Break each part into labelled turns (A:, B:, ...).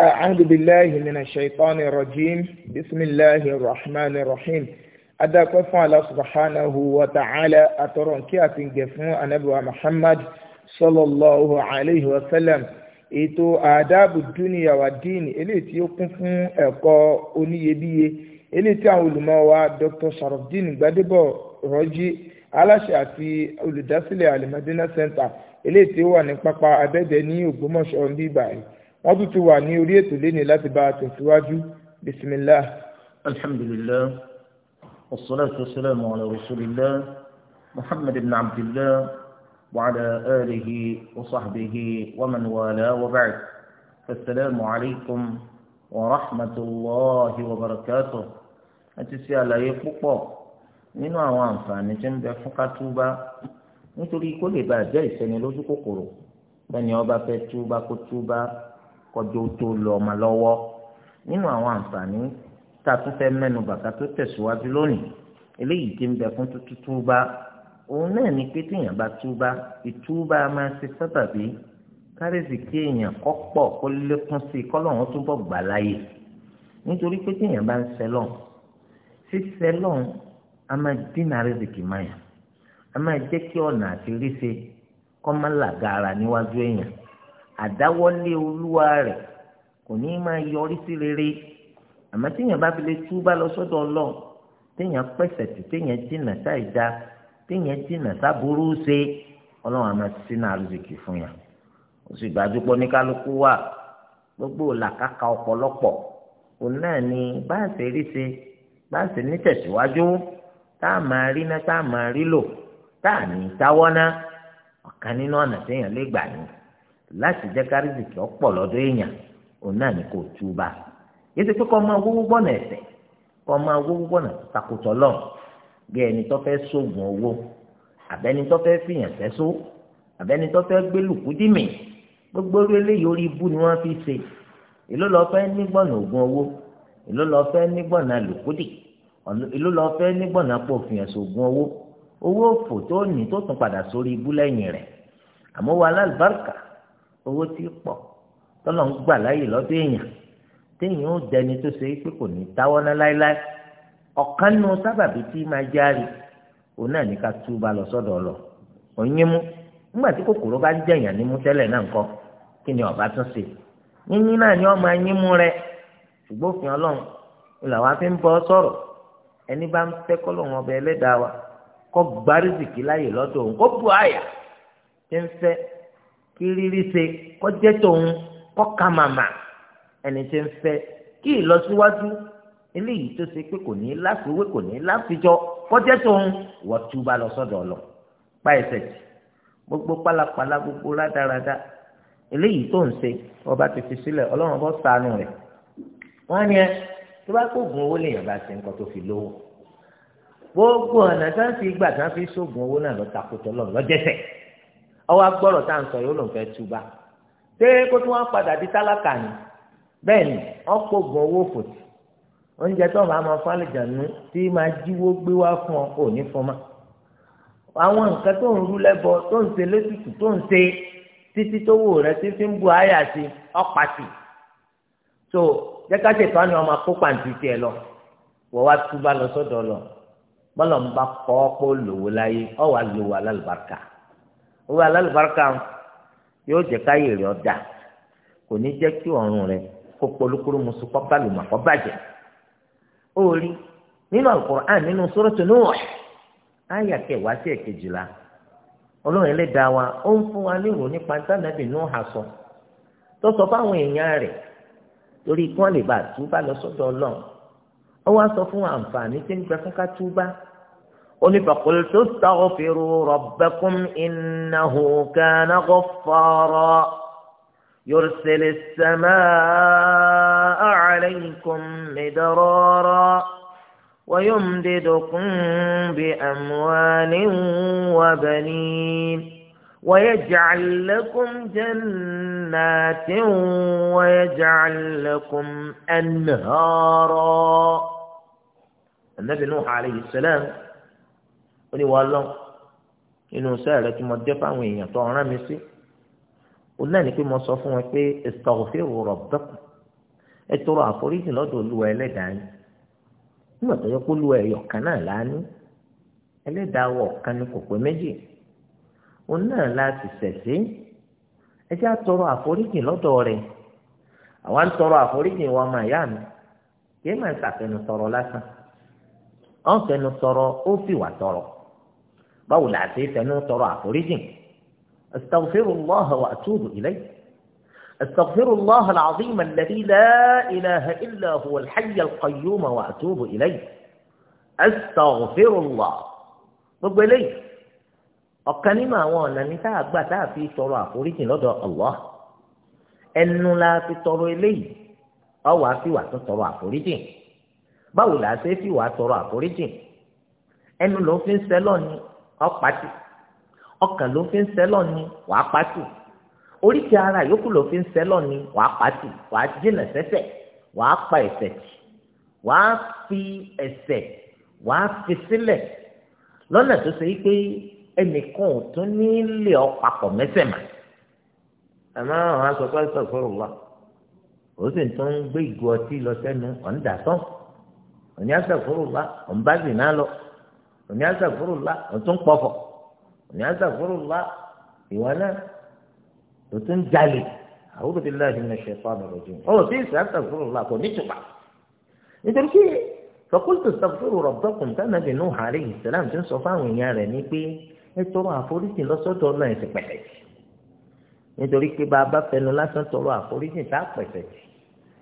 A: أعوذ بالله من الشيطان الرجيم بسم الله الرحمن الرحيم adákọ́ fún Allah subhanahu wa ta'ala àtọ̀rọ̀ kí a ti gẹ̀ fún anábíwá Muhammad sallallahu alayhi wa sallam ètò àdáàbò dúnìyà wa díìnì eléyìí tí ó kún fún ẹ̀kọ́ oníyebíye eléyìí tí àwọn olùmọ̀ wa Dr. Sharafdin Gbadebo Rọ́jí aláṣẹ àti olùdásílẹ̀ Alimadina Center eléyìí tí ó wà ní pápá abẹ́dẹ ní Ògbómọ̀ṣọ́ ń bíbáyìí wọ́n tún ti wà ní orí ètò léni láti bá a tẹ̀síwájú bisimilah. alhamdulillah wasalaatu wasalaamu ala rasulillah muhammad ibn abdillah
B: wa ala alihi wa sahbihi wa man wala wa ba'd asalaamu alaykum wa rahmatulahi wa barakatuh àti ṣe àlàyé púpọ̀ nínú àwọn àǹfààní tí ń bẹ fún kátúbá nítorí kó lè bàa jẹ́ ìsẹ́nilójú kòkòrò bẹ́ẹ̀ ni ọba fẹ́ túbá kó túbá kọjọ́ tó lọ ọmọ lọ́wọ́ nínú àwọn àǹfààní tá a tún fẹ́ mẹ́nu bàtà tó tẹ̀síwájú lónìí eléyìí ti ń bẹ fún tútúbá òun náà ni pé téèyàn bá túbá ìtúbá máa ṣe sábàbí kárẹ́sì kí èèyàn kọ́ pọ̀ kó lékún sí i kọ́lọ́run túbọ̀ gbà láàyè nítorí pé téèyàn bá ń sẹ́lọ̀ sísẹ́lọ̀ a máa dínà rẹ́sìkì máa yàn a máa jẹ́ kí ọ̀nà àti ríṣe kọ́ máa làgàrà níwájú èèyàn àdáwọ́lé olúwa rẹ̀ kò ní máa yọrí sí rere àmọ́ téèyàn bá fi lè túbá lọ sọ́dọ̀ ọlọ́run téèyàn pẹ̀sẹ̀ tì téèyàn jìnnà sáìdá téèyàn jìnnà sábúrú ṣe ọlọ́run àmọ́ sínú àrùsìkì fún yàn ó sì gbájú pọ̀ ní kálukú wà gbogbo làkàkà ọ̀pọ̀lọpọ̀ òun náà ni bá a ṣe rí ṣe bá a tá a máa rí ná tá a máa rí lò tá a ní táwọ́ ná ọ̀kan nínú ọ̀nà téèyàn lè gbà ní láti jẹ́ kárìsìkì ọ̀pọ̀ lọ́dọ̀ èèyàn òun náà ni kò túba yìí ti pé kọ́ máa wó gbọ́ náà ẹ̀sẹ̀ kọ́ máa wó gbọ́ náà takùtọ̀ lọ bí ẹni tó fẹ́ sóògùn owó àbẹ́ni tó fẹ́ fìyàn sẹ́só àbẹ́ni tó fẹ́ gbé lùkúdìmì gbogbo orí eléyìí orí ibú ni wọ́n fi ṣe èló lọ fẹ́ nígbọ̀nà ògùn owó èló lọ fẹ́ nígbọ̀nà lùkúdì èló lọ fẹ́ nígbọ̀nà pòfìyàn sóògùn owó owó òfò tó ní tó tún padà sórí ibú lẹ́yìn rẹ̀ àmọ́ wa alálùbáríkà owó tí pọ̀ tọ́lọ̀ ń gbà láyè lọ́dọ̀ èèyàn téèyàn ó dẹni tó ṣe pé kò ní táwọ́ ná láéláé ọ̀kan nu sábàbí tí máa járe òun náà ní ká túbà lọ sọ́dọ̀ ọ̀lọ̀ òyìn mú nígbà tí kòkòrò bá jẹ̀yàn nímú tẹ́lẹ̀ náà nǹkan kí ni ọ̀bá tún ṣe yínyín náà ni ọmọ yín mú rẹ ṣùgbọ́n òfin ọlọ́run làwọn afi ń bọ́ sọ̀rọ̀ ẹni bá ń fẹ́ kọ́lọ́run ọba ẹlẹ́dàá wa kọ́ gbarí zìkí láyè lọ́dọ̀ òun kó bu àyà tí ń fẹ́ kí rírí ṣe kọjẹ́ tòun kọ́ka màmá ẹni tí ń fẹ́ kí ìlọsíwájú eléyìí tó ṣe pé kò ní láfiwé kò ní láfijọ́ kọjẹ́ tòun wọ́n túbà lọ sọ́dọ̀ ọ̀lọ́ pa ẹsẹ̀ jì gbogbo la, gbogbo rádaràda eléyìí tó ń ṣe ọba ti fi sílẹ̀ ọlọ́run bọ́ sànù rẹ̀ wọ́n á ní ẹ tó bá kóògùn owó lèèyàn bá ṣe nǹkan tó fi lówó gbogbo ọ̀nà tí wọ́n fi gbà tí wọ́n fi ṣoògùn owó náà lọ takùtọ̀ lọ lọ́jẹ́sẹ̀ ọwọ́ agbọ́rọ̀ tá à ń sọ yóò lòun fẹ́ túbà ṣé kó tí wọ́n padà di tálákà ni bẹ́ẹ̀ ni wọ́n kó gun owó fòtì oúnjẹ tó máa ma fún àlejànú tí máa jíwó gbé wá fún ọ ò ní fún ma àwọn nǹkan tó ń rú lẹ́bọ tó ń ṣe lótùtù tó ń ṣe títí tó wò rẹ títí ń bu àyà sí ọ̀pàtì so jẹ́káṣe kan ni wọ́n máa kó pàǹtí tiẹ̀ lọ wọ́n wá túbà lọ sọ́dọ̀ lọ bọ́lọ̀ ń bá kọ́ ọ́ pé lòwó láyé ọ̀ wá lòwó alálùbáríkà owó alálùbáríkà yóò jẹ́ káyè rẹ̀ ọ̀dà kò ní jẹ́ kí ọ̀run rẹ̀ kó polúkúrú musu kọ́ bàlùmọ̀ kọ́ bàjẹ́ ó rí nínú alukur'an nínú sọ́rọ́tù Nuh ayà kẹwàá sí ẹ̀kejìlá ọlọ́run ẹlẹ́dàá wa ó ń fún wa ní ìròyìn nípa tánàbì Nuh sọ tó sọ fáwọn èèyàn rẹ̀ torí kí wọ́n lè bá túbá lọ sọ́dọ̀ ọlọ́run ó wá sọ fún àǹfààní tí ń gbẹ fún ká túbá قل فقلت استغفروا ربكم إنه كان غفارا يرسل السماء عليكم مدرارا ويمددكم بأموال وبنين ويجعل لكم جنات ويجعل لكم أنهارا النبي نوح عليه السلام ó ní wọ́n lọ́n nínú iṣẹ́ rẹ tí mo dé fáwọn èèyàn tó ọ̀ràn mi sí ó náà ní pé mo sọ fún wọn pé istaghfiru rabbakum ẹ tọrọ àforíjì lọ́dọ̀ Olúwa ẹlẹ́dàá yín nígbà tó yẹ kó lu ẹ̀yọ̀ kan náà láàánú ẹlẹ́dàá wọ̀ kan ní kò pé méjì òun náà láti ṣẹ̀ṣẹ̀ ẹ jẹ́ àtọrọ àforíjì lọ́dọ̀ rẹ̀ àwa ń tọrọ àforíjì wa máa yá mi kí ẹ máa ń ṣàfẹnu lásán ọ̀n ó fi wà tọrọ báwo là á ṣe fẹnu tọrọ àforíjìn astaghfirullah wa atubu ilayhi astaghfirullah al-azim alladhi la ilaha illa huwa al-hayy al-qayyum wa atubu ilayhi astaghfirullah gbogbo eléyìí ọ̀kan nínú àwọn ọ̀nà ní tá a gbà tá a fi tọrọ àforíjìn lọ́dọ̀ Allah ẹnu la fi tọrọ eléyìí ọwọ́ a fi wà tún tọrọ àforíjìn báwo là ṣe fi wà tọrọ àforíjìn ẹnu ló fi ń sẹ́lọ̀ ni ọ̀pátì ọkàn ló fi ń sẹ́lọ̀ ni wàá pátì oríkè ara yòókù ló fi ń sẹ́lọ̀ ni wàá pátì wàá jìnà sẹ́sẹ̀ wàá pa ẹ̀ṣẹ̀ wà wàá fi wàá fi sílẹ̀ lọ́nà tó ṣe pé ẹnìkan ò tún ní lè òní àṣàfúrúlá òtún pọ̀fọ̀ òní àṣàfúrúlá ìwà náà òtún jalè àwùjọ bí láti ní ṣe fáwọn ọ̀rọ̀ jù ọ̀rọ̀ tí ìṣe àṣàfúrúlá kò ní tùbà nítorí kí fọkúlùtò ṣàfúrú rọ̀bọ́kùn tánàbì nù hàrí ìsìlám ti ń sọ fáwọn èèyàn rẹ̀ ní pé ẹ tọrọ àforíjì lọ́sọ̀dọ̀ náà ẹ̀sìn pẹ̀tẹ̀kì nítorí pé bá a bá fẹnu lásán tọrọ àforíjì tá a pẹ̀tẹ̀kì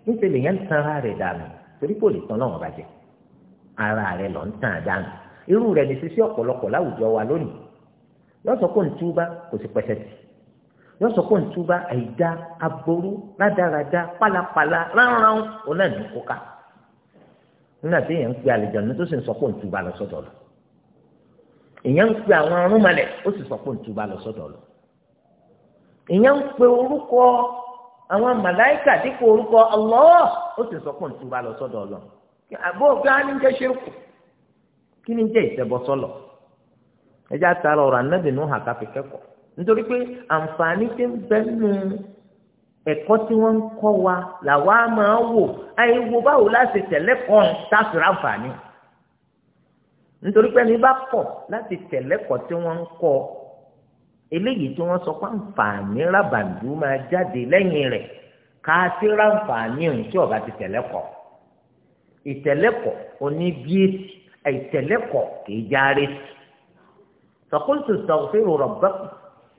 B: níṣẹ́ lèèyàn ń tan ara rẹ̀ dànù torí kò lè tán lọ́wọ́ bàjẹ́ ara rẹ̀ lọ́ ń tàn dànù irú rẹ̀ ní sísí ọ̀pọ̀lọpọ̀ láwùjọ wa lónìí yóò sọ pé ntúbà kò sí pẹ̀sẹ̀ tì yóò sọ pé ntúbà àìdá aburú rádaràda pálapàla ránran òun náà ní kóka nígbà tí èèyàn ń pe àlejànú tó sì ń sọ pé ntúbà lọ sọ́dọ̀ lọ èèyàn ń pe àwọn arúnmalẹ̀ ó sì sọ pé ntúbà lọ sọ́dọ̀ lọ èèyàn ń pe orúkọ àwọn màláìkà dípò orúkọ Allah ó sì sọ pé ntúbà lọ sọ́dọ̀ lọ àbó ọ̀gá ni ń jẹ́ ṣerúkù kí ni jẹ́ ìṣẹbọ sọlọ ẹjẹ àtàrà ọ̀rọ̀ anábì nù hàn káfí kẹ́kọ̀ọ́ nítorí pé àǹfààní tí ń bẹ nù ẹ̀kọ́ tí wọ́n ń kọ́ wa làwa máa wò àyè wo báwo láti tẹ̀lé kan táfìrà àǹfààní nítorí pé ẹni bá kọ̀ láti tẹ̀lé kan tí wọ́n ń kọ́ eléyìí tí wọ́n sọ pé àǹfààní rábàndú máa jáde lẹ́yìn rẹ̀ káàtì ráǹfààní òun tí ọba ti tẹ̀lé kọ̀ ìtẹ̀lé kọ̀ oníbíyèsí àìtẹ̀lẹ́kọ̀ kìí járe sọkúntù sọfíìrù rọ̀bẹ́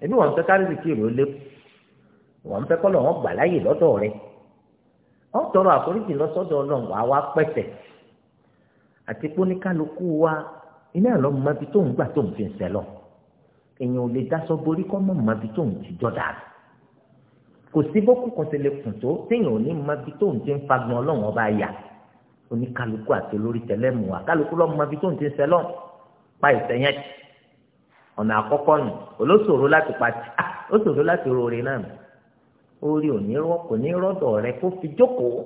B: ẹbí wọn fẹ́ kárí bìkì rẹ̀ lé wọn fẹ́ kọ́ lọ gbà láyè lọ́dọ̀ rẹ̀ wọn tọrọ àforíjì lọ́sọ́dọ̀ ọlọ́run wàá wá pẹ̀tẹ̀ àti pé wa iná ẹ̀ lọ́mọ tó ń gbà tó ń fi ń sẹ́lọ̀ èèyàn ò lè dasọ borí kọ́ mọ́ mọ́ tó ń ti jọ́ kò sí bókù kan kùn tó téèyàn ò ní mọ́ tó ń ti ń fagbọn ọlọ́run ọba yà oníkálukú àti olórí tẹlẹmù wa kálukú lọ mọ ibi tó ń ti sẹlọ pa ìsẹyìn ọ̀nà àkọ́kọ́ nù olóṣòro láti pati ah! ó láti rore náà nù orí òní kò ní rọdọ̀ rẹ kó fi jókòó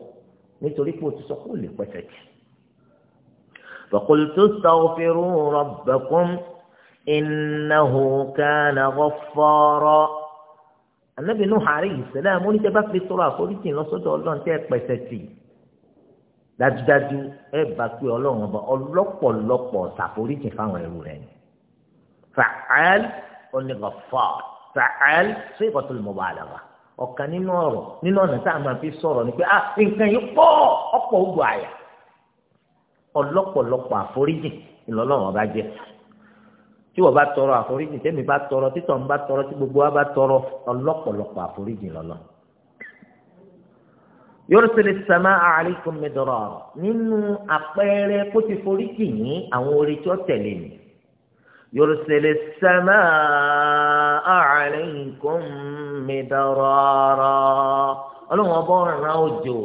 B: nítorí pé o ti sọ kó lè pẹ́sẹ̀ jù. فقلت استغفروا ربكم إنه كان غفارا النبي نوح عليه السلام ó ní الصلاة bá fi tọrọ àforíjì lọ sọ́dọ̀ dájúdájú ẹ bá pé ọlọ́run ọba ọlọ́pọ̀lọpọ̀ ṣàforíjì fáwọn ẹrú rẹ̀ ni
A: fa'al
B: onígbàfọ́ fa'al ṣé ìkọ́tún lè mọ bá àdàbà ọ̀kan nínú ọ̀rọ̀ nínú ọ̀nà tá a máa fi sọ̀rọ̀ ni pé ah nǹkan yìí pọ̀ ọ̀pọ̀ ogun àyà ọlọ́pọ̀lọpọ̀ àforíjì ìlọ́lọ́run ọba jẹ́ tí wọ́n bá tọrọ àforíjì tẹ́mi bá tọrọ títọ̀ ń bá tọrọ tí gbogbo wa bá tọrọ ọlọ́pọ̀lọpọ̀ àforíjì lọ́lọ́run yorùsílẹ̀ sàmà àríkùn mẹ́dọ̀rọ̀ nínú àpẹẹrẹ kó ti forí jì yín àwọn orí tí ó tẹ̀lé ni yorùsílẹ̀ sàmà àríkùn mẹ́dọ̀rọ̀ ọlọ́run ọba ọ̀ràn òjò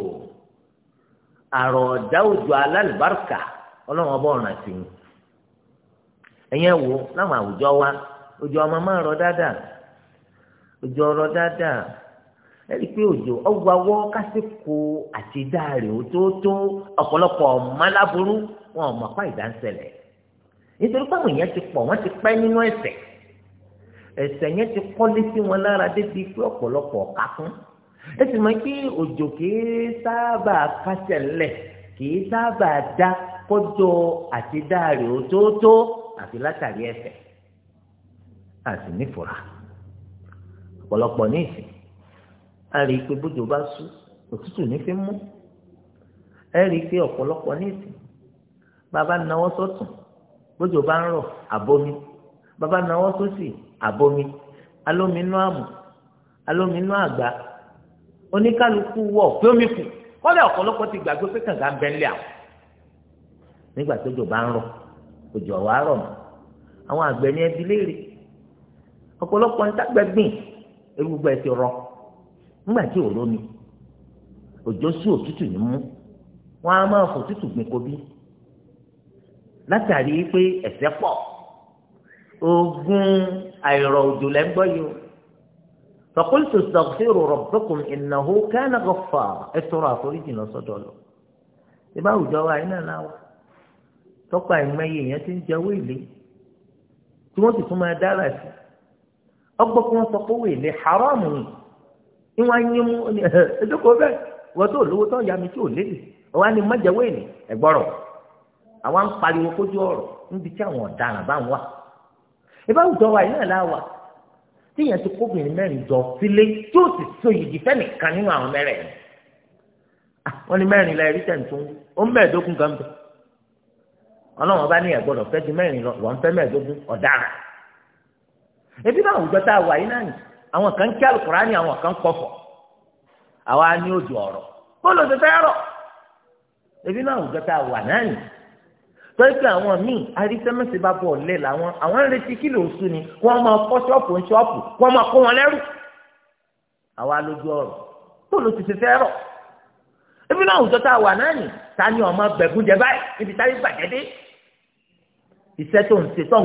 B: àròọ̀dá òjò alálùbáríkà ọlọ́run ọba ọ̀ràn sí i ẹ̀yẹ́ wo láwọn àwùjọ wa òjò ọmọ máa rọ dáadáa òjò ọrọ dáadáa ẹni pé òjò ọgbà wọ kásìkò àtidá rẹ̀ ó tó tó ọ̀pọ̀lọpọ̀ ọ̀mọ́láburú wọn ọ̀mọ̀ apá ìdánsẹ̀lẹ̀ nítorí pé àwọn èèyàn ti pọ̀ wọ́n ti pẹ́ nínú ẹ̀ṣẹ̀ ẹ̀ṣẹ̀ yẹn ti kọ́lé sí wọn lára débi pé ọ̀pọ̀lọpọ̀ ọ̀ka fún ẹ sì mọ̀ pé òjò kìí sábà kásẹ̀ ńlẹ̀ kìí sábà dá kọjọ àtidá rẹ̀ ó tó tó àti látàrí ẹ̀ṣẹ̀ àti nífura ọ̀pọ̀lọpọ̀ ní ìsìn a rí i pé bójú bá sú òtútù ní fi mú ẹ rí i pé ọ̀pọ̀lọpọ̀ ní ìsìn bàbá náwó sọ́tún bójú bá ń rọ̀ àbomi bàbá náwó sósì àbomi alómi inú àmù alómi inú àgbá oníkálukú wọ̀ pé omi kù kọ́lé ọ̀pọ̀lọpọ̀ ti gbàgbé pé kànga ń bẹ́ńlẹ̀ àwọn nígbà tójò bá ń rọ̀ òjò ọ̀wá rọ̀ mọ́ àwọn àgbẹ̀ ní ẹbí léèrè ọ̀pọ̀lọpọ̀ ń tàgbẹ́ gbìn erùgbẹ́ ti rọ̀ ńgbà tí ò lómi òjò sí òtútù ní mú wọn á máa fò tútù gbìn kobí látàrí pé ẹ̀ṣẹ̀ pọ̀ ogun àìrọ̀ òjò lẹ́ ń gbọ́ yìí o fàkóso sàkóso rọ̀bùkún ìnáwó kánàkó fà ẹ tọrọ àforíjì lọ sọ́dọ̀ lọ ìbá àwùjọ wa iná náà wà tọ́pọ̀ àìmọye èèyàn ti ń jẹ́wọ́ èlé tí wọ́n sì tún máa dára sí ọgbọ́n kí wọ́n haramu ni ni wọ́n á yín mú ẹ ẹdókòó bẹ́ẹ̀ wọ́n tó lówó tó yá mi tí ò lélẹ̀ wọ́n á ni ẹ̀gbọ́rọ̀ àwọn ń pariwo kójú ọ̀rọ̀ níbi tí àwọn ọ̀daràn bá ń wà ìbáwùjọ wa ìnáà la wà tíyẹn ti kóbìnrin mẹ́rin jọ sílé tí ó sì so yìí fẹ́nìkan nínú àwọn mẹ́rẹ̀ẹ̀rin wọ́n ní mẹ́rin la ẹ̀rí tẹ̀ǹtún ó ń mẹ́ẹ̀ẹ́dógún kan bẹ́ẹ̀ ọlọ́run bá ní ẹ̀gbọ́dọ̀ fẹ́ ju mẹ́rin lọ wọ́n fẹ́ mẹ́ẹ̀ẹ́dógún ọ̀daràn ebi náà àwùjọ tá a wà yín náà nì àwọn kan kí alukurani àwọn kan kọfọ àwa ni ó di ọ̀rọ̀ bóòlù ti fẹ́ rọ̀ ebi náà àwùjọ tá a wà náà nì tọ́jú àwọn míì arísẹ́mẹsẹ̀ bá bọ̀ lẹ̀ làwọn àwọn ń retí kí lóò sún ni wọ́n máa kọ́ ṣọ́ọ̀pù ń ṣọ́ọ̀pù wọ́n máa kó wọn lẹ́rù àwa lójú ọ̀rọ̀ bóòlù ti fẹ́ rọ̀ ebi náà àwùjọ tá a wà náà ta ni ọmọ bẹ̀gùn jẹ báyìí níbi táyé bàjẹ́ dé iṣẹ́ tó ń ṣe tó ń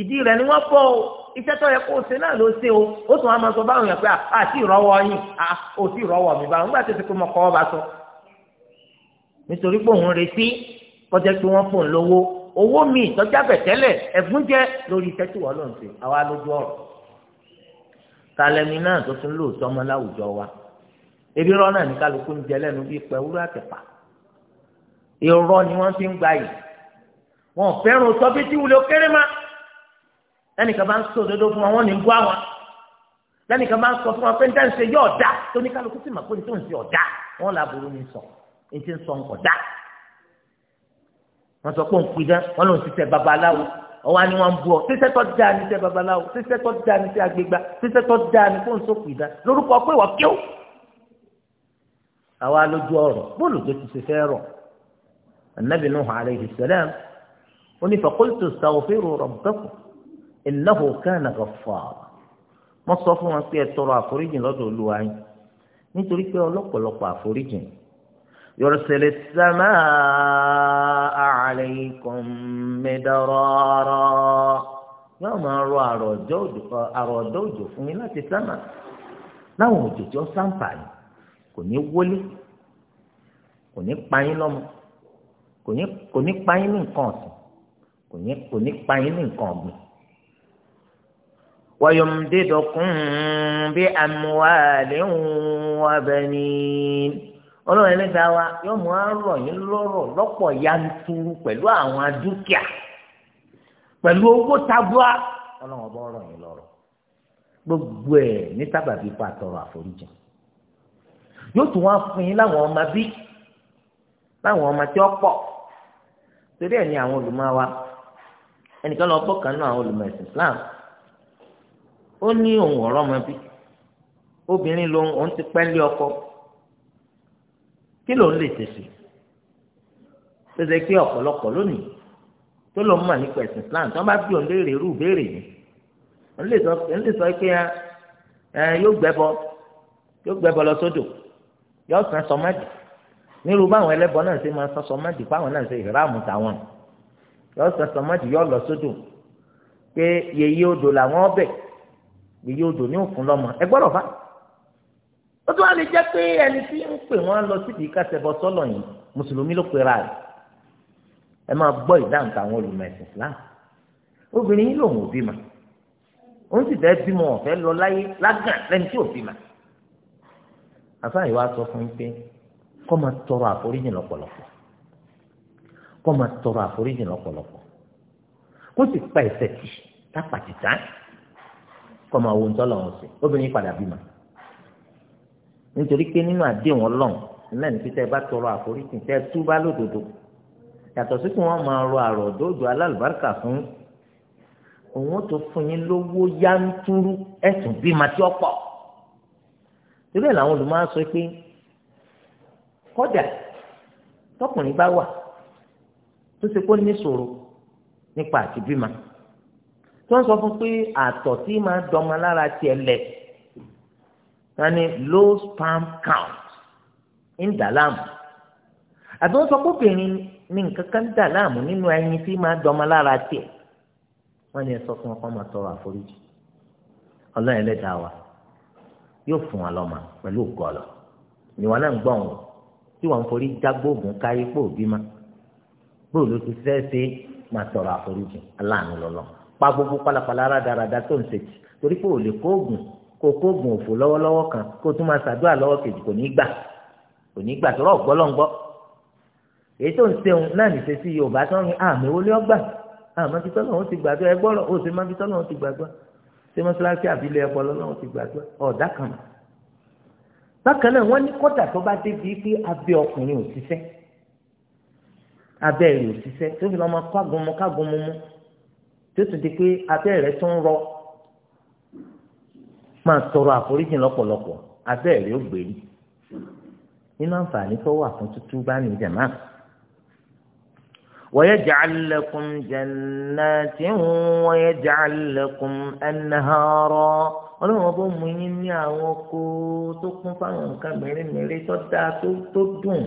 B: ìdí rẹ̀ ni wọ́n bọ̀ o iṣẹ́ tó yẹ kó o ṣe náà ló ṣe o ó tún wá máa sọ báwọn yẹn pé à ah, sí ìrọ́wọ́ yín à ah, ò sí ìrọ́wọ́ mi báwọn nígbà tó ti pé mo kọ́ ọ bá sọ. nítorí pé òun retí kọjá pé wọ́n fòun lówó owó mi ìtọ́jà bẹ̀tẹ́lẹ̀ ẹ̀gún jẹ́ lórí iṣẹ́ tí wọ́n lò ń ṣe àwa lójú ọ̀rọ̀. tàlẹ́mi náà tó tún lò sọmọ láwùjọ wa ebi rọ náà ní kálukú ń jẹ lẹ́nu bíi pẹ̀ wúrọ̀ àtẹ̀pà irọ́ ni wọ́n fi ń gbayì wọn fẹ́ràn sọ bí tí wulẹ̀ kéré máa lẹ́nìkan bá ń sọ òdodo fún wa wọ́n ní ń bú àwọn lẹ́nìkan bá ń sọ fún wa pé ń dẹ́n ṣe yóò dá tó ní kálukú sì mà pé ní tó ń ṣe ọ̀dá wọ́n là burú ní sọ ní ń sọ nǹkan dá wọ́n sọ pé òun pidán wọ́n lòun ti tẹ babaláwo ọwọ́ ni wọ́n ń bú ọ sísẹ́ tó dáa ní tẹ babaláwo sísẹ́ tó dáa ní tẹ agbègbà sísẹ́ tó dáa ní fóun sọ pidán lórúkọ pé wọ́n kíó àwa lójú ọ̀rọ̀ bóòlù ti ṣe fẹ́ rọ̀ Ànábì Nuhu innahu kana ghaffara wọ́n sọ fún wọn pé ẹ tọrọ àforíjìn lọ́dọ̀ olúwa yín nítorí pé ọlọ́pọ̀lọpọ̀ àforíjìn yursil as-samaa alaykum midrara yóò máa rọ àròjọ òjò fún yín láti sánmà láwọn òjò tí ó sàǹfààní kò ní wọlé kò ní pa yín kò ní pa ní nǹkan ọ̀sìn kò ní pa ní nǹkan ọ̀gbìn. ويمددكم بأموال وبنين ọlọ́run ẹlẹ́dàá wa yóò mú àárọ̀ yín lọ́rọ̀ lọ́pọ̀ yanturu pẹ̀lú àwọn dúkìá pẹ̀lú owó tabua ọlọ́run ọba ọ̀rọ̀ yín lọ́rọ̀ gbogbo ẹ̀ ní sábàbí pa àtọrọ àforíjì yóò tún wá fún yín láwọn ọmọ bí láwọn ọmọ tí ó pọ̀ torí ẹ̀ ní àwọn olùmọ̀ wa ẹnìkan lọ bọ́ náà àwọn olùmọ̀ ẹ̀sìn Islam ó ní òun ọ̀rọ̀ ọmọ bí obìnrin lòun òun ti pẹ́lí ọkọ kí lòun lè tẹ̀sí tó ṣe pé ọ̀pọ̀lọpọ̀ lónìí tó lòun mọ̀ nípa ẹ̀sìn Islam tí wọ́n bá bí òun léèrè irú ìbéèrè yìí òun lè sọ pé yóò gbẹ́bọ yóò gbẹ́bọ lọ sódò yóò san sọmádì nílùú báwọn ẹlẹ́bọ náà ṣe máa san sọmádì báwọn náà ṣe ìráàmù táwọn yóò san sọmádì yóò lọ sódò pé yèyé odò làwọn ọbẹ̀ gbèyí do ní òfun lọ́mọ ẹ gbọ́dọ̀ bá ó tún wá lè jẹ́ pé ẹni tí ń pè wọ́n lọ síbi kásẹ̀bọ sọ́lọ̀ yìí mùsùlùmí ló pera rẹ̀ ẹ máa gbọ́ ìdáhùn táwọn olùmẹ̀sìn Islam obìnrin yìí lòun ò bímọ òun sì fẹ́ bímọ ọ̀fẹ́ lọ láyé lágàn lẹ́ni tí ò bímọ àfáà yìí wá sọ fún yín pé kọ́ máa tọrọ àforíjì lọ́pọ̀lọpọ̀ kọ́ máa tọrọ àforíjì lọ́pọ̀lọpọ̀ kó sì pa ẹ̀ṣẹ̀ tì tápàtì tán kọ́ máa wo ntọ́ lọ́wọ́ sí obìnrin padà bímọ nítorí pé nínú àdéhùn ọlọ́run náà ní títẹ́ bá tọrọ àforíjì tẹ́ túbá lódodo yàtọ̀ sí kí wọ́n máa rọ àrọ̀ dóòdò alálùbáríkà fún òun tó fún yín lówó yántúrú ẹ̀sùn bímọ tí ó pọ̀ torí ẹ̀ làwọn olùmọ̀ á sọ pé kọ́dà tọkùnrin bá wà tó ṣe kó ní sọ̀rọ̀ nípa àti bímọ tí wọ́n sọ fún pé àtọ̀ tí máa dọ́mọ lára tiẹ̀ lẹ̀ wọ́n low sperm count ń dà láàmú àbí wọ́n sọ pé obìnrin ní nǹkan kan ń dà láàmú nínú ẹyin tí máa dọ́mọ lára tiẹ̀ wọ́n ní ẹ sọ fún ọkọ máa tọrọ àforíjì ọlọ́run ẹlẹ́dàá wa yóò fún wa lọ́mọ pẹ̀lú gọ́ọ̀lọ̀ níwọ̀n náà ń gbọ̀n o tí wọ́n ń forí jágbóògùn káyé pò bímọ bóòlù ti fẹ́ ṣe máa tọrọ àforíjì aláàánú lọ́lọ́run pa gbogbo pálapàla rádaràda tó ń ṣètì torí pé ò lè kóògùn kó kóògùn òfò lọ́wọ́lọ́wọ́ kan kó tún máa ṣàdúrà lọ́wọ́ kejì kò ní gbà kò ní gbà tọrọ ọ̀gbọ́lọ́ngbọ́ èyí tó ń ṣeun náà ní ṣe sí yorùbá tó ń rin àmì wọlé ọgbà àmọ́ ti tọ́lọ́ wọn ti gbàgbọ́ ẹgbọ́ lọ ó ṣe má ti tọ́lọ́ wọn ti gbàgbọ́ ṣé mọ́ṣáláṣí àbílẹ̀ ẹ̀pọ̀ lọ́wọ́ ti gbàgbọ́ ọ̀dà kan mọ̀ bákan náà wọ́n ní kọ́tà tó bá dé bíi pé abẹ́ ọkùnrin ò ṣiṣẹ́ abẹ́ rẹ̀ ò ṣiṣẹ́ tó fi lọ́ máa kọ́ àgùnmu kágùnmu mú tó tún di pé abẹ́ rẹ̀ tún rọ máa tọrọ àforíjì lọ́pọ̀lọpọ̀ abẹ́ rẹ̀ ó gbèrí nínú àǹfààní tó wà fún tútú bá ní jàmá. ويجعل لكم جنات ويجعل لكم أنهارا ọlọ́run bó mú yín ní àwọn oko tó kún fáwọn nǹkan mèremère tó dáa tó dùn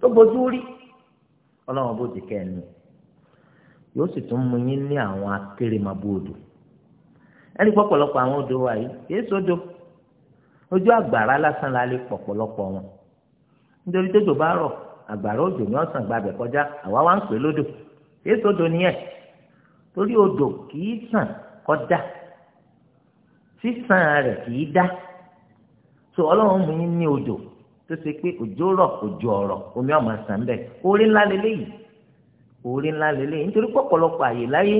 B: tó bójú rí ọlọ́run bó ti kẹ́ ẹ̀ nù. yóò sì tún mú yín ní àwọn akérèmọbú odò ẹni pọ̀pọ̀lọpọ̀ àwọn odò wa yìí kìí sódò ojú àgbàrá lásán la pọpọlọpọ pọ̀pọ̀lọpọ̀ wọn nítorí tó dò bá rọ̀ àgbàrá òjò ní ọ̀sán gbàgbẹ́ kọjá àwa wá ń pè lódò kìí sódò nìyẹn torí odò kìí sàn kọjá sísàn rẹ kìí dá so ọlọ́run mú yín ní odò tó ṣe pé òjò rọ̀ òjò ọ̀rọ̀ omi ọ̀mọ̀ sàn bẹ́ẹ̀ orí ńlá lélẹ́yìí orí ńlá lélẹ̀ nítorí pọ̀pọ̀lọpọ̀ àyè láyé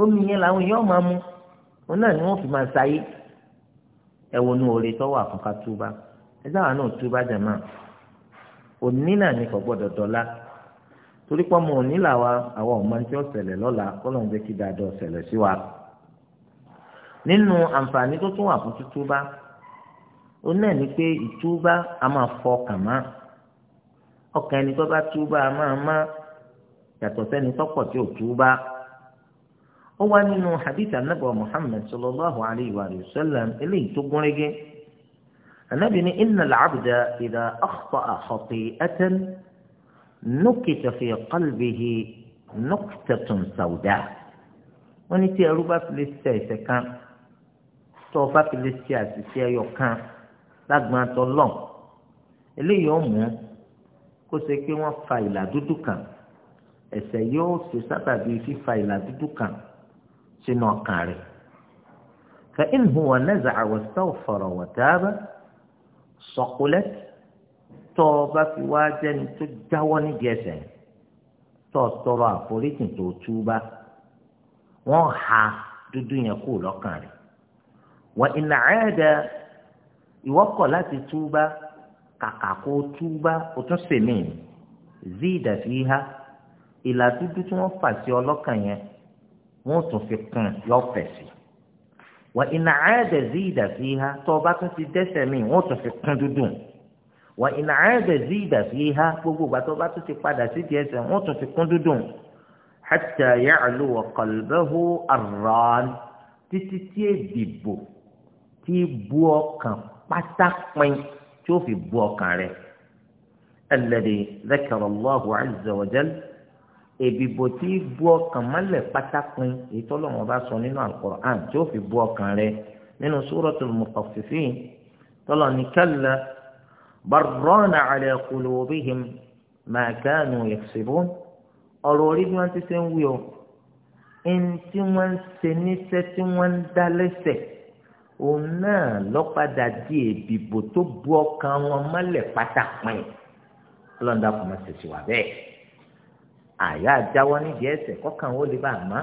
B: omi yẹn làwọn èèyàn máa mu òun náà ni wọ́n fi máa sáyé ẹ wo nu orí tọ́wọ́ àfọ̀ká túbá ẹ sáwà náà túbá jàmá òní náà ni kò gbọ́dọ̀ dọ́lá torí pọ́ mọ òní làwa àwọn ọ̀mọ tí ó ṣẹlẹ̀ lọ́la kọ́lọ́n jẹ́ kí dáadọ́ ṣẹlẹ̀ sí wa nínú àǹfààní tó tún wà fún túbá ó náà ní pé ìtúbá a máa fọ kàmá ọkàn ẹni tó bá túbá a máa máa yàtọ̀ sẹ́ni tọ́pọ̀ tí ò túbá ó wá nínú hadith anabi muhammed sallallahu alayhi wa sallam eléyìí tó gún régé anabi ní inna al-abda idha akhta'a khati'atan nukita fi qalbihi nuqtatun sawda wọ́n ní tí ẹrú bá fi lè ṣe ẹ̀ṣẹ̀ kan tó o bá fi lè ṣe àṣìṣe ẹyọ kan lágbọn atọ lọ eléyìí ó mú kó ṣe pé wọ́n fa ìlà dúdú kan ẹ̀ṣẹ̀ yóò ṣe sábàbí fífa ìlà dúdú kan sínú ọkàn rẹ̀ fa in huwa naza'a wastaghfara wa taba saqulat tọ́ ọ bá fi wá jẹ́ni tó jáwọ́ nídìí ẹ̀ṣẹ̀ tọ́ ọ tọrọ àforíjìn tó túbá wọ́n ha dúdú yẹn kú lọ́kàn rẹ̀ wa in 'ada ìwọ́kọ̀ láti túbá kàkà kó túbá o tún sèmí zida fiha ìlà dúdú tí wọ́n fà sí ọlọ́kàn yẹn wọ́n tún fi kún yọ fẹ̀ sí wà ìnà àádẹ sí ìdà sí ha tó o bá tún ti dẹ́ṣẹ̀ míì wọ́n tún fi kún dúdú wà ìnà àádẹ sí ìdà sí ha gbogbo ìgbà tó o bá tún ti padà sí ìdí ẹ̀ṣẹ̀ wọ́n tún fi kún dúdú hatta ya'lu wa qalbahu arran títí tí èdìbò tí bu ọkàn pátápin tí ó fi bu ọkàn rẹ̀ alladhi dhakara Allahu azza èbìbò tí bu ọkàn mọ́lẹ̀ pátápin èyí tọ́lọ́wọ́n bá sọ nínú Al-Qur'an tí ó fi bu ọkàn rẹ nínú Suratul Mutaffifin tọ́lọ́ ní kalla barrana ala qulubihim ma kanu yaksibun ọ̀rọ̀ orí bí wọ́n ti ṣe ń wí o ẹni tí wọ́n ń ṣe níṣẹ́ tí wọ́n ń dá lẹ́sẹ̀ òun náà lọ́padà di èbìbò tó bu ọkàn wọn mọ́lẹ̀ pátápin ọlọ́run àyà àjáwọ́ nídìí ẹ̀ṣẹ̀ kọ́kàn ó lè bá a má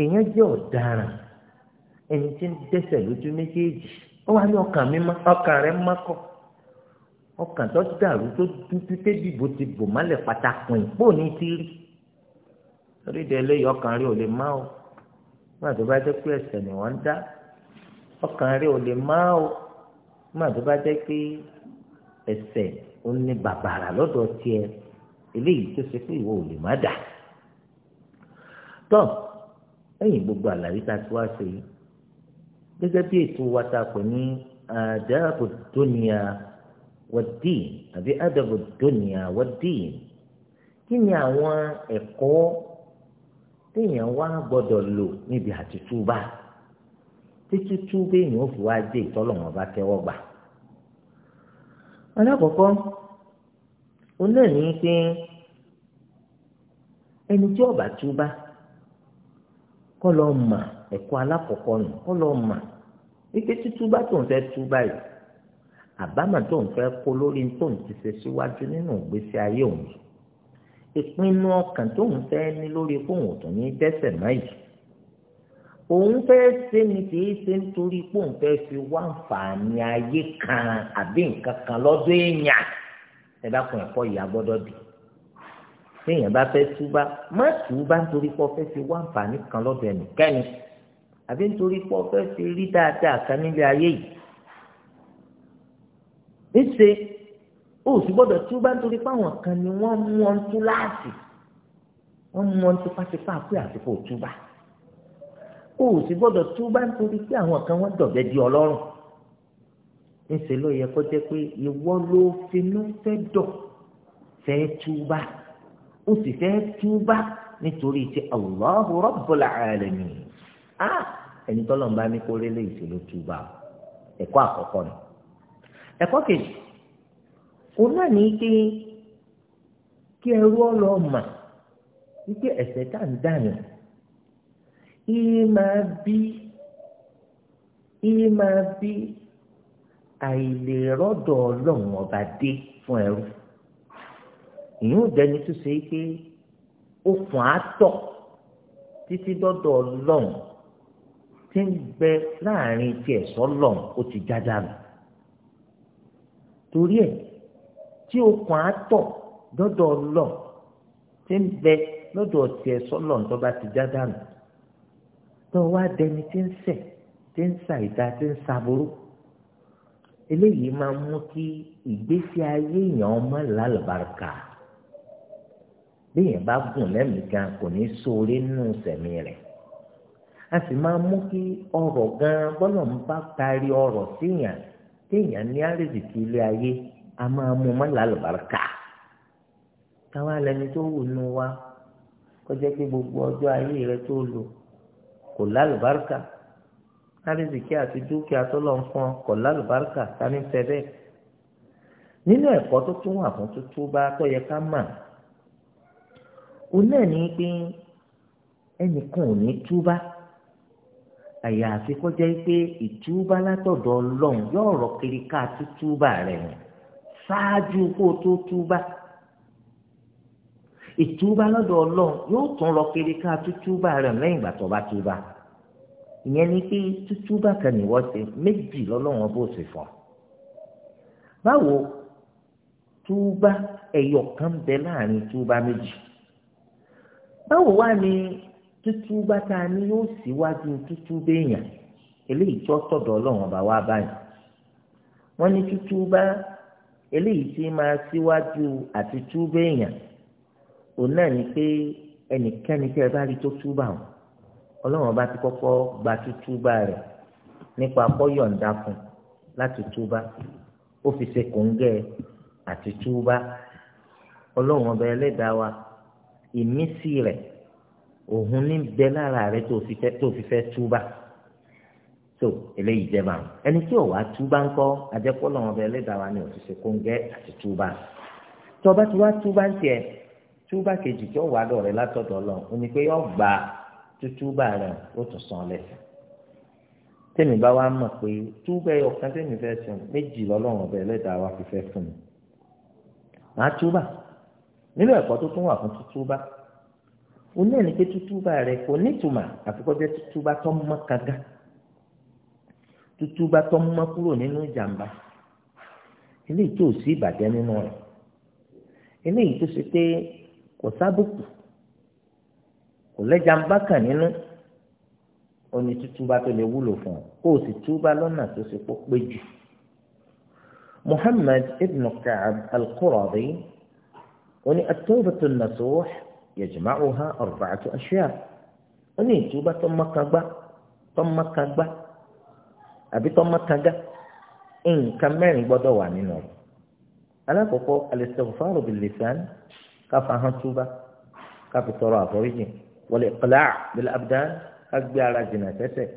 B: èèyàn jẹ́ ọ̀daràn ẹni tí ń dẹ́ṣẹ̀ lójú méjèèjì ó wá ní ọkàn mi má ọkàn rẹ má kọ́ ọkàn tó dàrú tó dúdú tébìbò ti bò mọ́lẹ̀ pátákùn ìpò ní ti rí torí ìdẹ eléyìí ọkàn rẹ ò lè má o má tó bá jẹ́ pé ẹ̀ṣẹ̀ ni wọ́n ń dá ọkàn rẹ ò lè má o má tó bá jẹ́ pé ẹ̀ṣẹ̀ ò ní bàbàrà lọ́dọ̀ tiẹ̀ eléyìí tó ṣe pé ìwọ ò lè má dà tọ lẹ́yìn gbogbo àlàyé tá a ti wá ṣe yìí gẹ́gẹ́ bí ètò wa tá a pè ní àdàbò dóníà wọ́dìín àbí àdàbò dóníà wọ́dìín kí ni àwọn ẹ̀kọ́ téèyàn wá gbọ́dọ̀ lò níbi àtútúbà títútú béèyàn ó fi wá dé ìtọ́lọ́wọ́n bá tẹ́wọ́ gbà alákọ̀ọ́kọ́ ó náà ní pé ẹni tí ọba túbá kọ́ lọ mà ẹ̀kọ́ alákọ̀ọ́kọ́ nù kọ́ lọ mà wípé títúbá tó ń fẹ́ túbá yìí àbámà tó ń fẹ́ kó lórí tó ń ti ṣe síwájú nínú ìgbésí ayé òun ìpinnu ọkàn tó ń fẹ́ ní lórí fóun ò tún ní dẹ́ṣẹ̀ máyì òun fẹ́ ṣe ni kì í ṣe nítorí pé fẹ́ fi wá àǹfààní ayé kan àbí nǹkan kan lọ́dún èèyàn ẹ dákun ẹ̀kọ́ yìí agbọ́dọ̀ dì téèyàn bá fẹ́ túbá má túbá nítorí pé ọfẹ́ fi wá àǹfààní kan lọ́dọ̀ ẹnìkẹ́ni àbí nítorí pé ọfẹ́ fi rí dáadáa kan nílé ayé yìí níṣe ó sì gbọ́dọ̀ túbá nítorí pé àwọn kan ni wọ́n mú ọ́n tú láàsì wọ́n mú ọ́n tipátipá pé àsìkò túbá ó sì gbọ́dọ̀ túbá nítorí pé àwọn kan wọ́n dọ̀bẹ́ di ọlọ́run ńṣe ló yẹ kó jẹ́ pé ìwọ ló finú fẹ́ dọ̀ fẹ́ túbà ó sì fẹ́ túbà nítorí ti Allahu Rabbul Alamin á ẹni tọ́lọ̀ ń bá ní kó rélé ìṣèlú túbà ẹ̀kọ́ àkọ́kọ́ ni ẹ̀kọ́ kejì òun náà ní kí kí ẹrú ọlọ́ọ̀mà wípé ẹ̀ṣẹ̀ tá à ń dànù ìyí máa bí ìyí máa bí àìlè rọ́dọ̀ ọlọ́run ọba dé fún ẹrú ìyóò dẹni tó ṣe pé ó fún àtọ̀ títí dọ́dọ̀ ọlọ́run tí ń bẹ láàrin tiẹ̀ sọ́lọ́run ó ti jájá lọ torí ẹ̀ tí ó fún àtọ̀ dọ́dọ̀ ọlọ́run tí ń bẹ lọ́dọ̀ tiẹ̀ sọ́lọ́run tó bá ti jájá lọ tó wá dẹni tí ń ṣẹ̀ tí ń ṣàìdá tí ń ṣàbúrú eléyìí máa mú kí ìgbésí ayé èèyàn ọmọ làlùbáríkà béèyàn bá gùn lẹ́mìí gan kò ní sóore nínú sẹ̀mí rẹ̀ a sì máa mú kí ọrọ̀ gan bọ́lọ̀ ń bá taari ọrọ̀ síyàn téèyàn ní àrèsìkí ilé ayé a máa mú ọmọ làlùbáríkà táwa lẹni tó wù nù wa kọjá pé gbogbo ọjọ́ ayé rẹ tó lò kò lálùbáríkà lárísìkí àti dúkìá tó lọ ń fún ọ kò lálùbáríkà tani fẹ bẹ́ẹ̀ nínú ẹ̀kọ́ tó tún wà fún tuntun bá tó yẹ ká mà òun náà ní pé ẹnìkan ò ní túbá àyàfi kọjá pé ìtúbá látọ̀dọ̀ ọlọ́run yóò rọ kiri ká túbá rẹ̀ nù ṣáájú kó tó túbá ìtúbá lọ́dọ̀ ọlọ́run yóò tún rọ kiri ká túbá rẹ̀ lẹ́yìn ìgbà tó bá túbá ìyẹn ni pé tútú bákan ni wọ́n ṣe méjì lọ́lọ́wọ́n bó ṣe fọ́ báwo túbá ẹ̀yọ̀ kan bẹ láàrin túbá méjì báwo wá ni tútú bá ta ni yóò síwájú tútú béèyàn eléyìí tó tọ̀dọ̀ ọlọ́wọ́n bá wá báyìí wọ́n ní tútú bá eléyìí tí máa síwájú àti túbéèyàn òun náà ni pé ẹnikẹ́ni tẹ́ ẹ bá rí tó túbà wọn ọlọ́run bá ti kọ́kọ́ gba tútúbà rẹ̀ nípa kọ́yọ̀ǹda fún láti túbà ó fi ṣe kòńgẹ́ àti túbà ọlọ́run ọba ẹlẹ́dàá wa ìmísí rẹ̀ òun ní bẹ lára rẹ̀ tó fi fẹ́ túbà tó eléyìí jẹba ẹni tí ò wá túbà ńkọ́ àjẹpọ̀ ọlọ́run ọba ẹlẹ́dàá wa ni ò ti ṣe kòńgẹ́ àti túbà tọba tí wá túbà ń tiẹ̀ túbà kejì tí ó wà lọ́rẹ̀ látọ̀dọ̀ ọlọ́run ò ní pé yọ gbà á túbà rẹ̀ ó tún san lẹ́sìn tẹ́mi bá wá mọ̀ pé túbà ọ̀kan tẹ́mi fẹ́ sùn méjì lọ́lọ́run ọ̀bẹ ẹlẹ́dàá wa fi fẹ́ fún mi màá túbà nínú ẹ̀kọ́ tó tún wà fún túbà o náà ní pé túbà rẹ̀ kò nítumà àfikọ́jẹ́ túbà tó mọ́ kankan túbà tó mọ́ kúrò nínú ìjàmbá eléyìí tó sí ìbàjẹ́ nínú rẹ̀ eléyìí tó ṣe pé kò sábùkù kò lẹ́jà ń bá kàn nínú oní tútúbá tó lè wúlò fún ọ kó o sì túbá lọ́nà tó ṣe pọ́ pé jù. Muhammad ibn Ka'ab al-Quradi oní at-tawbatu an-nasuh yajma'uha arba'atu ashya' oní ìtúbá tó mọ́kàngbá tó mọ́kàngbá àbí tó mọ́kàngbá nǹkan mẹ́rin gbọ́dọ̀ wà nínú rẹ̀ alákọ̀ọ́kọ́ al-istighfaru bil-lisan káfa hàn túbá káfi tọrọ àforíjì. والإقلاع بالأبدان أجب على جناسته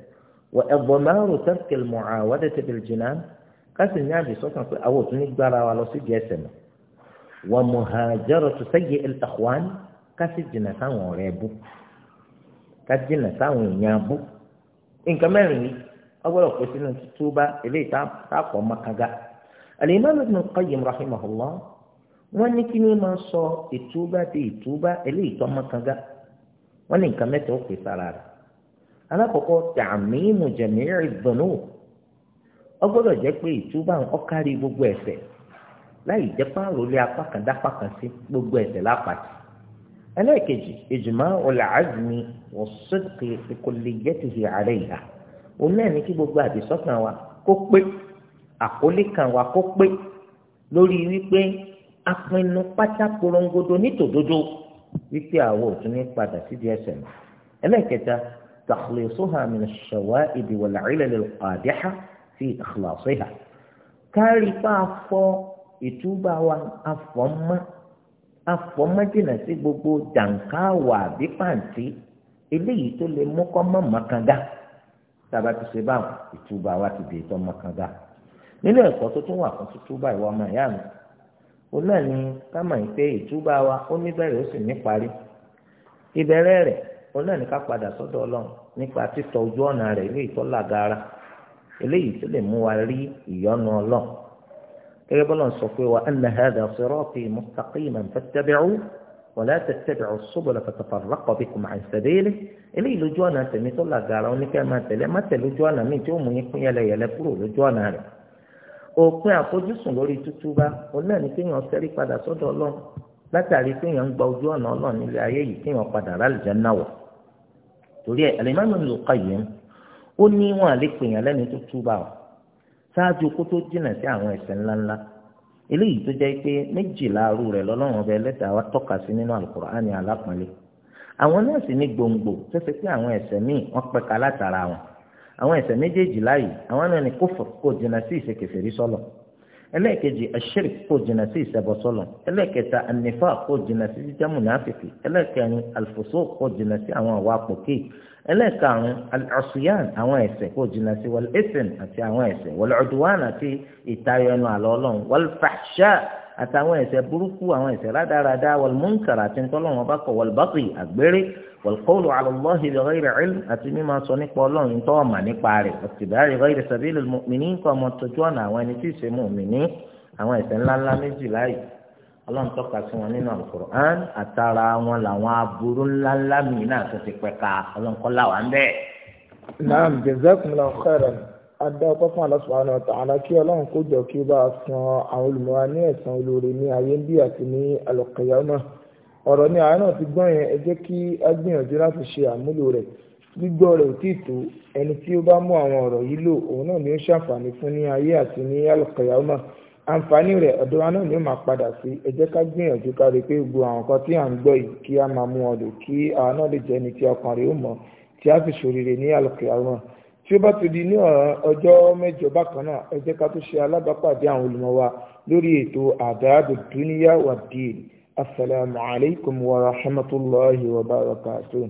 B: والضمار ترك المعاودة بالجنان قسم يعني صوتنا في أول نقدر على جسم ومهاجرة سيء الأخوان قسم جناسان وريبو قسم جناسان ونيابو إن كمان أول قسم توبة إليه تاق ومكاقا الإمام ابن القيم رحمه الله wọ́n ní kí ni صوت ni sọ ìtúbà tí ti wọ́n ní nǹkan mẹ́ta ó pè sára rẹ̀ alákọ̀ọ́kọ́ tààmì ìmùjẹ̀mí ìdùnnú ó gbọ́dọ̀ jẹ́ pé ìtúbà ó kárí gbogbo ẹ̀ṣẹ̀ láì jẹ́ pàrọ̀lẹ́ apá kan dápá kan sí gbogbo ẹ̀ṣẹ̀ lápàtì ẹlẹ́ẹ̀kejì ìjùmọ̀ ọ̀làázmi wọ̀sọ́kè ìkọlẹ́yẹtìhì àárẹ̀ ìhà òun náà ní kí gbogbo àdìsọ́kàn wa kó pé àkólé kan wa kó pé lórí wípé apinnu pátá porongodo nítòdodo wípé àwọn òtún ní padà sídìí ẹ̀ṣẹ̀ mọ́ ẹlẹ́kẹta takhlisuha min ash-shawa'ib wal-'ilal al-qadihah fi ikhlasiha kárí pa afọ ìtúbà wa afọmọ afọmọ jìnnà sí gbogbo jàǹká wà bí pàǹtí eléyìí tó lè mú kọ́ mọ́ mọ́kàndá tába ti ṣe báwọn ìtúbà wa ti dè tọ́ mọ́kàndá nínú ẹ̀kọ́ tó tún wà fún tútúbà ìwà ọmọ ìyá mi ó náà ní ká mọ̀ ní pé ìtúbà wa ó níbẹ̀rẹ̀ ó sì níparí ìbẹ̀rẹ̀ rẹ̀ ó náà ní ká padà sọ́dọ̀ ọlọ́run nípa títọ ojú ọ̀nà rẹ̀ ilé ìtọ́lágara eléyìí tó lè mú wa rí ìyọ́nú ọlọ́run gẹ́gẹ́ bọ́lá ń sọ pé wa anna hadha sirati mustaqiman fattabi'u wa la tattabi'u subula fatafarraqa bikum an sabilihi òpin àfojúsùn lórí tútúbá òun náà ní kéèyàn ṣẹ́rí padà sọ́dọ̀ ọlọ́run látàrí kéèyàn ń gba ojú ọ̀nà ọlọ́run nílé ayé yìí kéèyàn padà rálìjẹ́ náà wọ̀ torí ẹ̀ Al-Imam Ibn Qayyim ó ní wọn àlè pèèyàn lẹ́ni tútúbá o ṣáájú kó tó jìnà sí àwọn ẹ̀ṣẹ̀ ńláńlá eléyìí tó jẹ́ pé méjìlá arú rẹ̀ lọ́lọ́run ọba ẹlẹ́dàá wa tọ́ka sí nínú al àwọn náà sì ní gbòǹgbò tó ṣe pé àwọn ẹ̀ṣẹ̀ míì wọ́n pẹ̀ka látara wọn àwọn ẹ̀ṣẹ̀ méjèèjì láàyè àwọn náà ni kófòr kò jìnnà sí ìṣekèfèrí sọlọ ẹlẹ́ẹ̀kejì àṣírí kò jìnnà sí ìṣẹbọ sọlọ ẹlẹ́ẹ̀kẹta ànífà kò jìnnà sí jíjẹ́ mùnàfíkì ẹlẹ́ẹ̀kẹrin àlùfòsó kò jìnnà sí àwọn àwa àpòkè ẹlẹ́ẹ̀karùn àṣùyàn àwọn ẹ̀ṣẹ̀ kò jìnnà sí wọlé ẹsẹ̀n àti àwọn ẹ̀ṣẹ̀ wọlé ọdúnwàn àti àtàwọn ẹ̀ṣẹ̀ burúkú àwọn ẹ̀ṣẹ̀ rádaràda wàlmúnkàrà àti ntọ́lọ́wọ́n bá kọ̀ wàlbàtì àgbèrè wàlkọ́ọ̀lù alọ́lọ́hì lọ́gẹ́rẹ́ ẹ̀lú àti mímọ sọ nípa ọlọ́run tó ọ̀mà nípa rẹ̀ ọ̀tìbáyé lọ́gẹ́rẹ́ sàbílì mùmíní kọ́ ọmọ tójú ọ̀nà àwọn ẹni tí ì ṣe mùmíní àwọn ẹ̀ṣẹ̀ ńláńlá méjì láyìí ọlọ́run tọ́ka sí wọn
A: nínú adá ọpẹ́ fún Allah subhanahu wa ta'ala kí ọlọ́run kó jọ kí ó bá san àwọn olùmọ̀ra ní ẹ̀san olóore ní ayé ń bí àti ní al-qiyamah ọ̀rọ̀ ni àárọ̀ ti gbọ́n yẹn ẹ jẹ́ kí á gbìyànjú láti ṣe àmúlò rẹ̀ gbígbọ́ rẹ̀ ò tí ì tó ẹni tí ó bá mú àwọn ọ̀rọ̀ yìí lò òun náà ni ó ṣàǹfààní fún ní ayé àti ní al-qiyamah àǹfààní rẹ̀ ọ̀dọ̀ wa náà ni ó máa padà sí ẹ jẹ́ ká gbìyànjú ká rí pé gbogbo àwọn kan tí à ń gbọ́ yìí kí á máa mú wọn lò kí àwọn náà lè jẹ́ ẹni tí ọkàn rẹ̀ ó mọ̀ tí á fi ṣoríire ní al-qiyamah tí ó bá tó di ní ọjọ́ mẹ́jọ bákan náà ẹ jẹ́ ká tó ṣe alábàápàdé àwọn olùmọ̀ wa lórí ètò àdáàbò dúníyà wà dín wa rahmatulahi wa barakatuh.